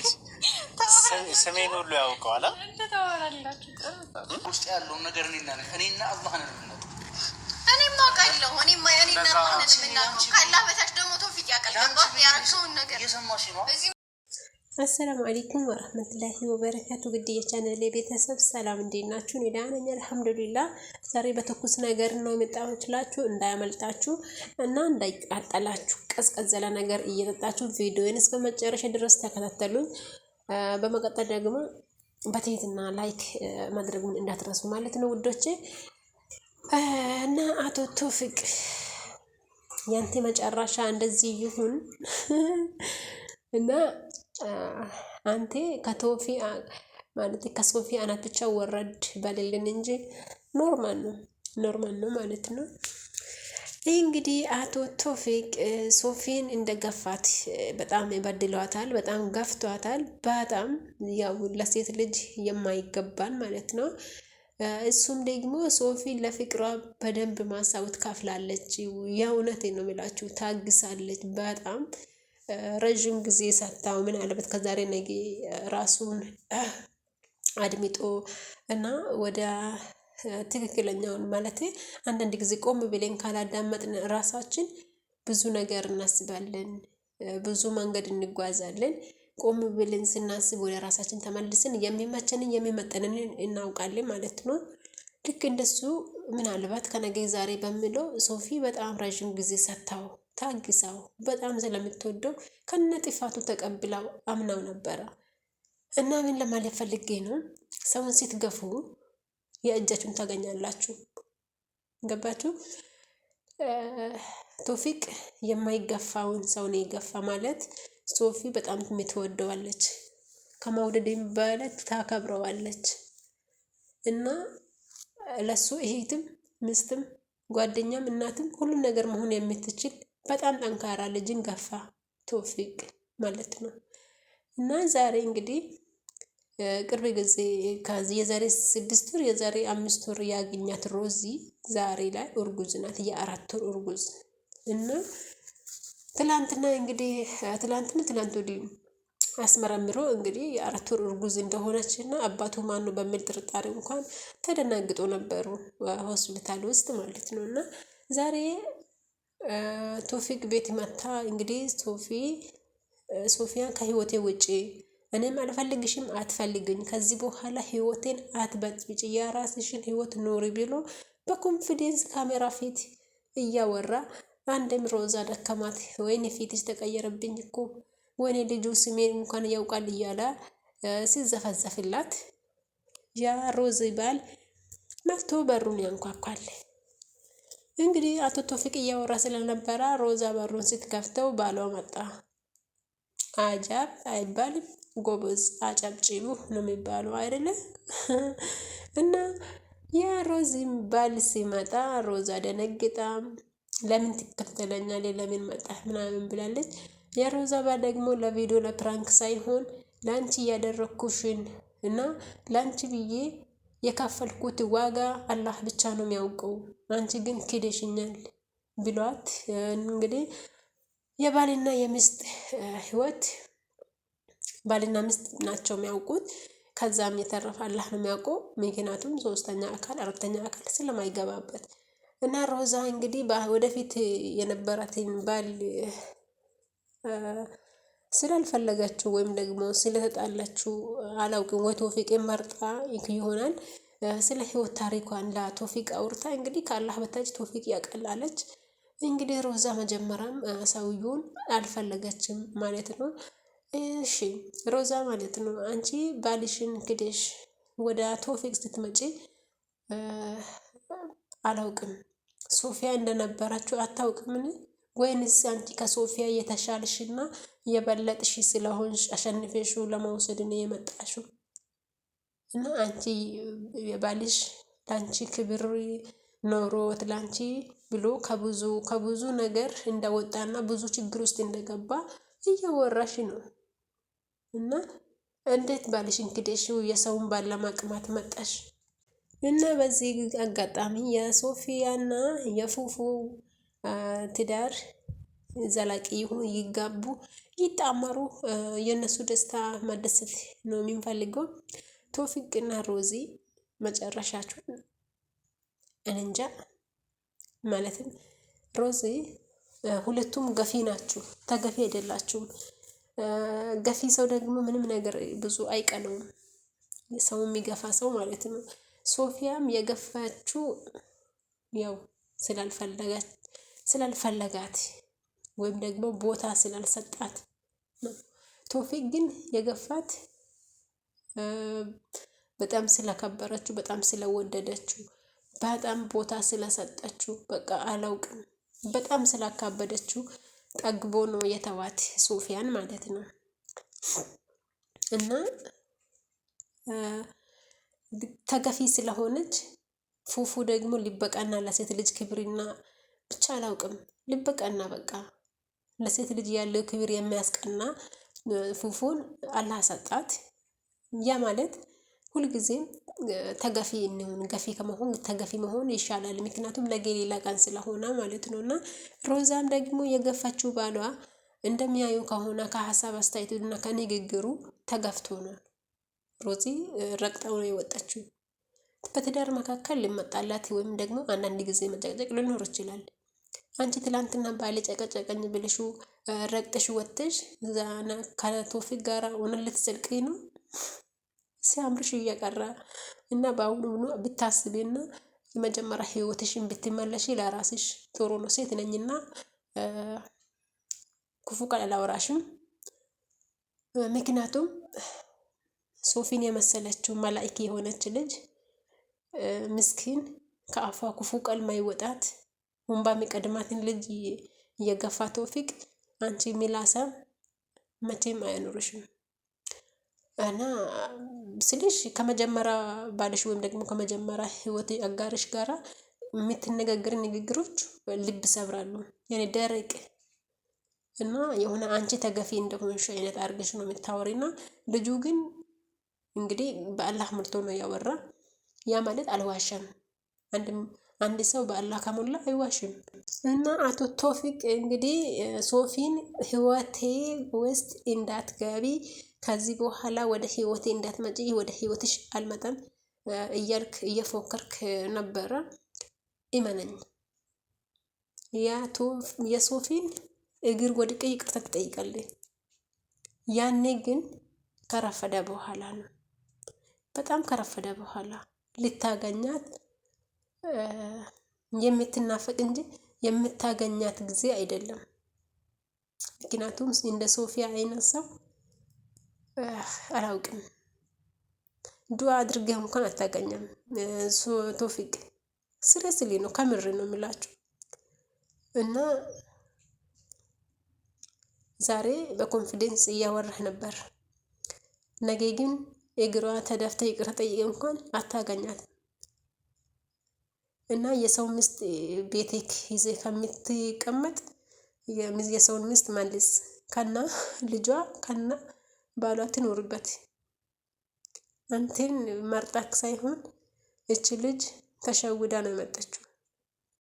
መች ስሜን ሁሉ ያውቀዋል። ውስጥ ያለውን ነገር እኔና እኔና አላህ ነን የምናውቀው። እኔም አውቃለሁ። እኔማ እኔና ነገር አሰላሙ አሌይኩም ወራህመቱላሂ ወበረካቱ። ግድ የቻናል የቤተሰብ ሰላም እንዴት ናችሁ? እኔ ደህና ነኝ አልሐምዱሊላህ። ዛሬ በትኩስ ነገር ነው የመጣሁላችሁ፣ እንዳያመልጣችሁ እና እንዳይቃጠላችሁ። ቀዝቀዝ ነገር እየጠጣችሁ ቪዲዮን እስከ መጨረሻ ድረስ ተከታተሉኝ። በመቀጠል ደግሞ በትህትና ላይክ ማድረጉን እንዳትረሱ ማለት ነው ውዶቼ እና አቶ ቶፊቅ ያንተ መጨረሻ እንደዚህ ይሁን እና አንቴ ከቶፊ ማለት ከሶፊ አናት ብቻ ወረድ በሌልን እንጂ ኖርማል ነው ኖርማል ነው ማለት ነው። ይህ እንግዲህ አቶ ቶፊቅ ሶፊን እንደገፋት በጣም ይበድሏታል፣ በጣም ገፍቷታል። በጣም ያው ለሴት ልጅ የማይገባን ማለት ነው። እሱም ደግሞ ሶፊን ለፍቅሯ በደንብ ማሳወት ካፍላለች። የእውነት ነው የምላችሁ ታግሳለች በጣም ረዥም ጊዜ ሰጥታው ምናልባት ከዛሬ ነገ ራሱን አድምጦ እና ወደ ትክክለኛውን ማለት አንዳንድ ጊዜ ቆም ብለን ካላዳመጥን ራሳችን ብዙ ነገር እናስባለን፣ ብዙ መንገድ እንጓዛለን። ቆም ብለን ስናስብ ወደ ራሳችን ተመልስን የሚመቸንን የሚመጠንንን እናውቃለን ማለት ነው። ልክ እንደሱ ምናልባት ከነገ ዛሬ በሚለው ሶፊ በጣም ረዥም ጊዜ ሰጥታው ታግሳው በጣም ስለምትወደው ከነ ጥፋቱ ተቀብላው አምናው ነበረ። እና ምን ለማለት ፈልጌ ነው፣ ሰውን ስትገፉ የእጃችሁን ታገኛላችሁ። ገባችሁ? ቶፊቅ የማይገፋውን ሰውን የገፋ ማለት ሶፊ በጣም ትወደዋለች፣ ከመውደድም በላይ ታከብረዋለች እና ለሱ እህትም ምስትም ጓደኛም እናትም ሁሉም ነገር መሆን የምትችል በጣም ጠንካራ ልጅን ገፋ ቶፊቅ ማለት ነው። እና ዛሬ እንግዲህ ቅርብ ጊዜ ከዚህ የዛሬ ስድስት ወር የዛሬ አምስት ወር ያገኛት ሮዚ ዛሬ ላይ እርጉዝ ናት። የአራት ወር እርጉዝ እና ትላንትና እንግዲህ ትላንትና ትላንት ወዲህ አስመረምሮ እንግዲህ የአራት ወር እርጉዝ እንደሆነች እና አባቱ ማኑ በሚል ጥርጣሬ እንኳን ተደናግጦ ነበሩ ሆስፒታል ውስጥ ማለት ነው። እና ዛሬ ቶፊቅ ቤት መታ እንግዲህ ሶፊ ሶፊያን ከህይወቴ ውጪ እኔም አልፈልግሽም፣ አትፈልግኝ፣ ከዚህ በኋላ ህይወቴን አትበጥብጭ፣ የራስሽን ህይወት ኖሪ ብሎ በኮንፊደንስ ካሜራ ፊት እያወራ አንድም ሮዛ ደከማት፣ ወይን ፊትሽ ተቀየረብኝ እኮ ወይኔ ልጁ ስሜን እንኳን ያውቃል እያለ ሲዘፈዘፍላት ያ ሮዝ ባል መጥቶ በሩን ያንኳኳል። እንግዲህ አቶ ቶፊቅ እያወራ ስለነበረ ሮዛ በሩን ስትከፍተው ባሏ መጣ። አጃብ አይባልም ጎበዝ አጨብጭቡ ነው የሚባለው አይደለ? እና ያ ሮዝ ባል ሲመጣ ሮዛ ደነግጣ ለምን ትከተለኛለህ? ለምን መጣ? ምናምን ብላለች። የሮዛባ ደግሞ ለቪዲዮ ለፕራንክ ሳይሆን ላንቺ እያደረግኩሽን እና ላንቺ ብዬ የካፈልኩት ዋጋ አላህ ብቻ ነው የሚያውቀው፣ አንቺ ግን ክደሽኛል ብሏት እንግዲህ የባልና የሚስት ህይወት ባልና ሚስት ናቸው የሚያውቁት። ከዛም የተረፈ አላህ ነው የሚያውቀው። ምክንያቱም ሶስተኛ አካል አራተኛ አካል ስለማይገባበት እና ሮዛ እንግዲህ ወደፊት የነበራትን ባል ስላልፈለጋችሁ ወይም ደግሞ ስለተጣላችሁ አላውቅም ወይ ቶፊቅ መርጣ ይሆናል ስለ ህይወት ታሪኳን ለቶፊቅ አውርታ እንግዲህ ከአላህ በታች ቶፊቅ ያቀላለች። እንግዲህ ሮዛ መጀመሪያም ሰውየውን አልፈለገችም ማለት ነው። እሺ ሮዛ ማለት ነው አንቺ ባልሽን ክደሽ ወደ ቶፊቅ ስትመጪ አላውቅም ሶፊያ እንደነበራችሁ አታውቅምን? ወይንስ አንቺ ከሶፊያ የተሻልሽና የበለጥሽ ስለሆንሽ አሸንፌሹ ለመውሰድ ነው የመጣሹ? እና አንቺ የባልሽ ለአንቺ ክብር ኖሮት ለአንቺ ብሎ ከብዙ ከብዙ ነገር እንደወጣና ብዙ ችግር ውስጥ እንደገባ እየወራሽ ነው እና እንዴት ባልሽ እንግዲህ የሰውን ባል ለማቅማት መጣሽ እና በዚህ አጋጣሚ የሶፊያና የፉፉ ትዳር ዘላቂ ይሁን፣ ይጋቡ፣ ይጣመሩ። የእነሱ ደስታ መደሰት ነው የምንፈልገው። ቶፊቅና ሮዚ መጨረሻችሁን እንንጃ። ማለትም ሮዚ ሁለቱም ገፊ ናችሁ፣ ተገፊ አይደላችሁም። ገፊ ሰው ደግሞ ምንም ነገር ብዙ አይቀነውም፣ ሰው የሚገፋ ሰው ማለት ነው። ሶፊያም የገፋችሁ ያው ስላልፈለጋች ስላልፈለጋት ወይም ደግሞ ቦታ ስላልሰጣት ነው። ቶፊቅ ግን የገፋት በጣም ስለከበረችው፣ በጣም ስለወደደችው፣ በጣም ቦታ ስለሰጠችው፣ በቃ አላውቅም በጣም ስላካበደችው ጠግቦ ነው የተዋት ሶፊያን ማለት ነው። እና ተገፊ ስለሆነች ፉፉ ደግሞ ሊበቃና ለሴት ልጅ ክብርና ብቻ አላውቅም። ልበቀና በቃ ለሴት ልጅ ያለው ክብር የሚያስቀና ፉፉን አላህ ሰጣት። ያ ማለት ሁልጊዜም ተገፊ እንሆን ገፊ ከመሆን ተገፊ መሆን ይሻላል። ምክንያቱም ነገ ሌላ ቀን ስለሆነ ማለት ነው። እና ሮዛም ደግሞ የገፋችው ባሏ እንደሚያዩ ከሆነ ከሀሳብ አስተያየቱና ከንግግሩ ተገፍቶ ነው ሮዚ ረግጠው ነው የወጣችው። በትዳር መካከል ልመጣላት ወይም ደግሞ አንዳንድ ጊዜ መጨቅጨቅ ሊኖር ይችላል። አንቺ ትላንትና ባለ ጨቀጨቀኝ ብልሹ ረግጥሽ ወጥሽ ዛና ከቶፊቅ ጋር ሆነ ልትዘልቅኝ ነው ሲያምርሽ እያቀራ እና በአሁኑ ብኖ ብታስቢና የመጀመሪያ ህይወትሽን ብትመለሽ ለራስሽ ጥሩ ነው። ሴት ነኝና ክፉ ቃል አላወራሽም። ምክንያቱም ሶፊን የመሰለችው መላእክ የሆነች ልጅ ምስኪን ከአፏ ክፉ ቃል ማይወጣት ወንባ የሚቀድማትን ልጅ እየገፋ ቶፊቅ አንቺ የሚል መቼም አይኖርሽም እና ስልሽ ከመጀመሪያ ባልሽ ወይም ደግሞ ከመጀመሪያ ህይወት አጋርሽ ጋራ የምትነጋገር ንግግሮች ልብ ሰብራሉ። ያኔ ደረቅ እና የሆነ አንቺ ተገፊ እንደሆንሽ አይነት አድርገሽ ነው የምታወሪ። የምታወሪና ልጁ ግን እንግዲህ በአላህ ምርቶ ነው ያወራ። ያ ማለት አልዋሸም አንድም አንድ ሰው በአላህ ከሞላ አይዋሽም። እና አቶ ቶፊቅ እንግዲህ ሶፊን ህይወቴ ውስጥ እንዳትገቢ፣ ከዚህ በኋላ ወደ ህይወቴ እንዳትመጪ፣ ወደ ህይወትሽ አልመጣም እያልክ እየፎከርክ ነበረ። እመነኝ የሶፊን እግር ወድቄ ይቅርታ ትጠይቃለህ። ያኔ ግን ከረፈደ በኋላ ነው፣ በጣም ከረፈደ በኋላ ልታገኛት የምትናፈቅ እንጂ የምታገኛት ጊዜ አይደለም። ምክንያቱም እንደ ሶፊያ አይነት ሰው አላውቅም። ዱዓ አድርገህ እንኳን አታገኛም። ቶፊቅ ስሬስሊ ነው፣ ከምር ነው የምላችሁ እና ዛሬ በኮንፊደንስ እያወራህ ነበር። ነገ ግን እግሯ ተደፍተ ይቅር ጠይቅ እንኳን አታገኛት። እና የሰው ሚስት ቤቴክ ይዘህ ከምትቀመጥ የሰውን ሚስት መልስ ከና ልጇ ከና ባሏ ትኖርበት። አንተን መርጣክ ሳይሆን እች ልጅ ተሸውዳ ነው የመጣችው።